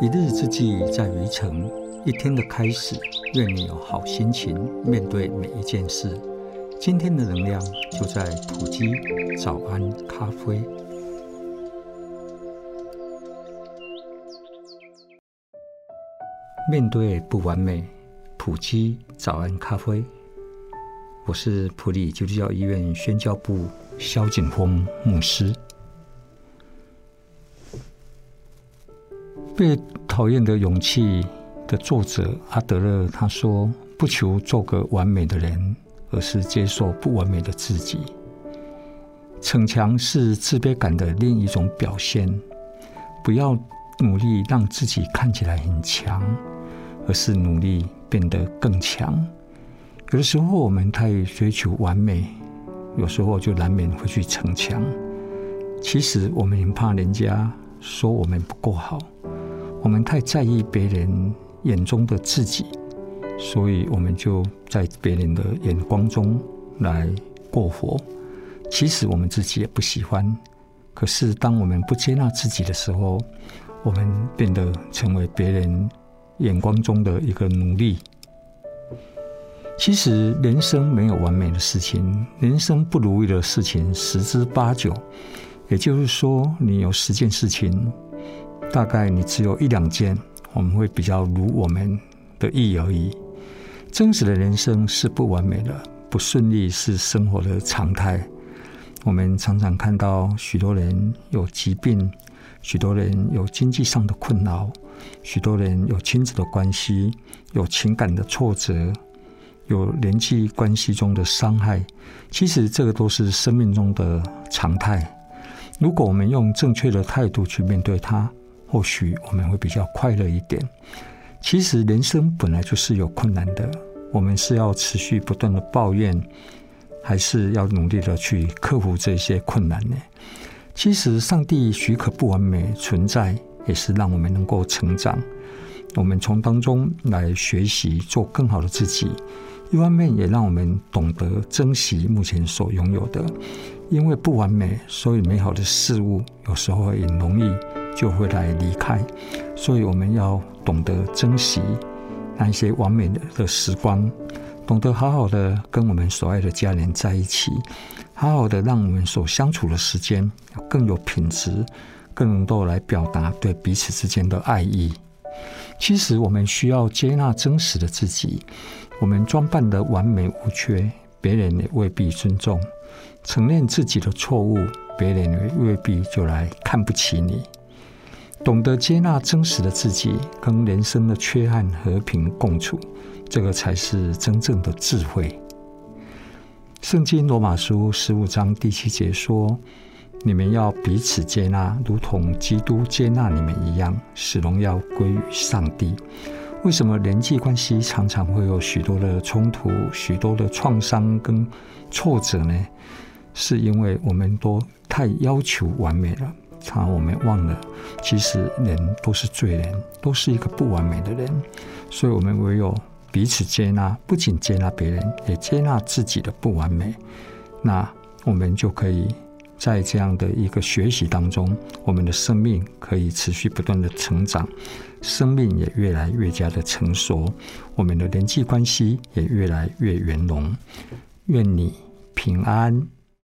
一日之計在於晨，一天的開始，願你有好心情面對每一件事。今天的能量就在埔基早安咖啡。面對不完美，埔基早安咖啡。我是埔里基督教醫院宣教部蕭錦峰牧師。最討厭的勇氣的作者阿德勒他說：“不求做個完美的人，而是接受不完美的自己。逞強是自卑感的另一種表現，不要努力讓自己看起來很強，而是努力變得更強。有的時候我們太追求完美，有時候就難免會去逞強。其實我們很怕人家說我們不夠好。”我們太在意別人眼中的自己，所以我們就在別人的眼光中來過活。其實我們自己也不喜歡。可是當我們不接納自己的時候，我們變得成為別人眼光中的一個奴隸。其實人生沒有完美的事情，人生不如意的事情十之八九。也就是說，你有十件事情。大概你只有一兩件，我們會比較如我們的意而已。真實的人生是不完美的，不順利是生活的常態。我們常常看到許多人有疾病，許多人有經濟上的困擾，許多人有親子的關係，有情感的挫折，有人際關係中的傷害。其實這個都是生命中的常態。如果我們用正確的態度去面對它，或許我們會比較快樂一點。其實人生本來就是有困難的，我們是要持續不斷的抱怨，還是要努力的去克服這些困難呢？其實上帝許可不完美存在，也是讓我們能夠成長。我們從當中來學習做更好的自己，一方面也讓我們懂得珍惜目前所擁有的。因為不完美，所以美好的事物有時候也容易，就會來離開，所以我們要懂得珍惜那些完美的時光，懂得好好的跟我們所愛的家人在一起，好好的讓我們所相處的時間更有品質，更能夠來表達對彼此之間的愛意。其實我們需要接納真實的自己，我們裝扮的完美無缺，別人也未必尊重；承認自己的錯誤，別人也未必就來看不起你。懂得接納真實的自己，跟人生的缺憾和平共處，這個才是真正的智慧。聖經羅馬書十五章第七節說：“你們要彼此接納，如同基督接納你們一樣，使榮耀歸於上帝。”為什麼人際關係常常會有許多的衝突、許多的創傷跟挫折呢？是因為我們都太要求完美了。常常我們忘了，其實人都是罪人，都是一個不完美的人，所以，我們唯有彼此接納，不僅接納別人，也接納自己的不完美。那我們就可以在這樣的一個學習當中，我們的生命可以持續不斷的成長，生命也越來越加的成熟，我們的人際關係也越來越圓融。願你平安。